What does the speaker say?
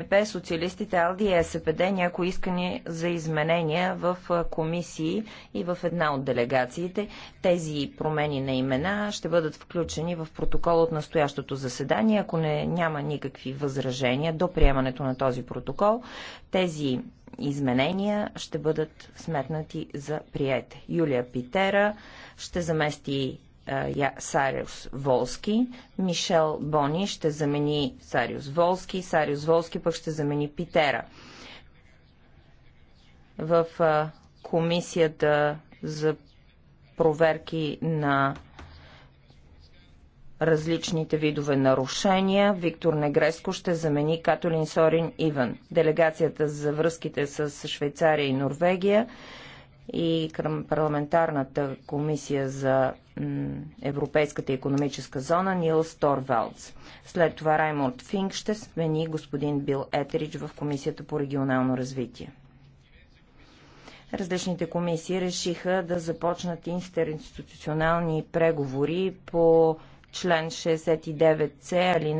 ЕП, социалистите, АЛДИ и СПД някои искани за изменения в комисии и в една от делегациите. Тези промени на имена ще бъдат включени в протокол от настоящото заседание. Ако не, няма никакви възражения до приемането на този протокол, тези изменения ще бъдат сметнати за приете. Юлия Питера ще замести Сариус Волски. Мишел Бони ще замени Сариус Волски. Сариус Волски пък ще замени Питера. В комисията за проверки на различните видове нарушения. Виктор Негреско ще замени Католин Сорин Иван. Делегацията за връзките с Швейцария и Норвегия и към парламентарната комисия за Европейската економическа зона Нил Торвалдс. След това Раймонд Финк ще смени господин Бил Етерич в Комисията по регионално развитие. Различните комисии решиха да започнат интеринституционални преговори по член 69c, али